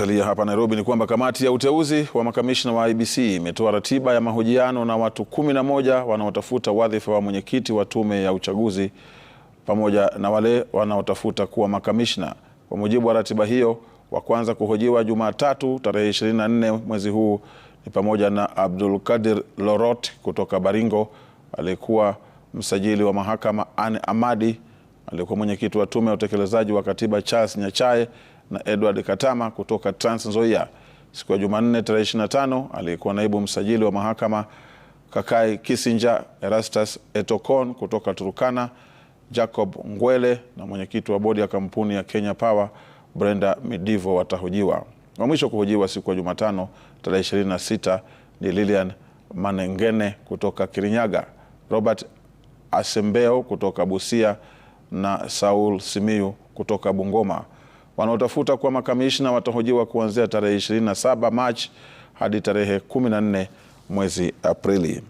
Tukisalia hapa Nairobi ni kwamba kamati ya uteuzi wa makamishna wa IEBC imetoa ratiba ya mahojiano na watu kumi na moja wanaotafuta wadhifa wa mwenyekiti wa tume ya uchaguzi pamoja na wale wanaotafuta kuwa makamishna. Kwa mujibu wa ratiba hiyo, wa kwanza kuhojiwa Jumatatu tarehe 24 mwezi huu ni pamoja na Abdul Kadir Lorot kutoka Baringo, aliyekuwa msajili wa mahakama Anne Amadi, aliyekuwa mwenyekiti wa tume ya utekelezaji wa katiba Charles Nyachae na Edward Katama kutoka Trans Nzoia siku ya Jumanne tarehe 25. Aliyekuwa naibu msajili wa mahakama Kakai Kisinja, Erastus Etokon kutoka Turukana, Jacob Ngwele na mwenyekiti wa bodi ya kampuni ya Kenya Power Brenda Midivo watahojiwa. Wa mwisho kuhojiwa siku ya Jumatano tarehe 26 ni Lilian Manengene kutoka Kirinyaga, Robert Asembeo kutoka Busia na Saul simiu kutoka Bungoma wanaotafuta kuwa makamishna watahojiwa kuanzia tarehe 27 Machi hadi tarehe 14 mwezi Aprili.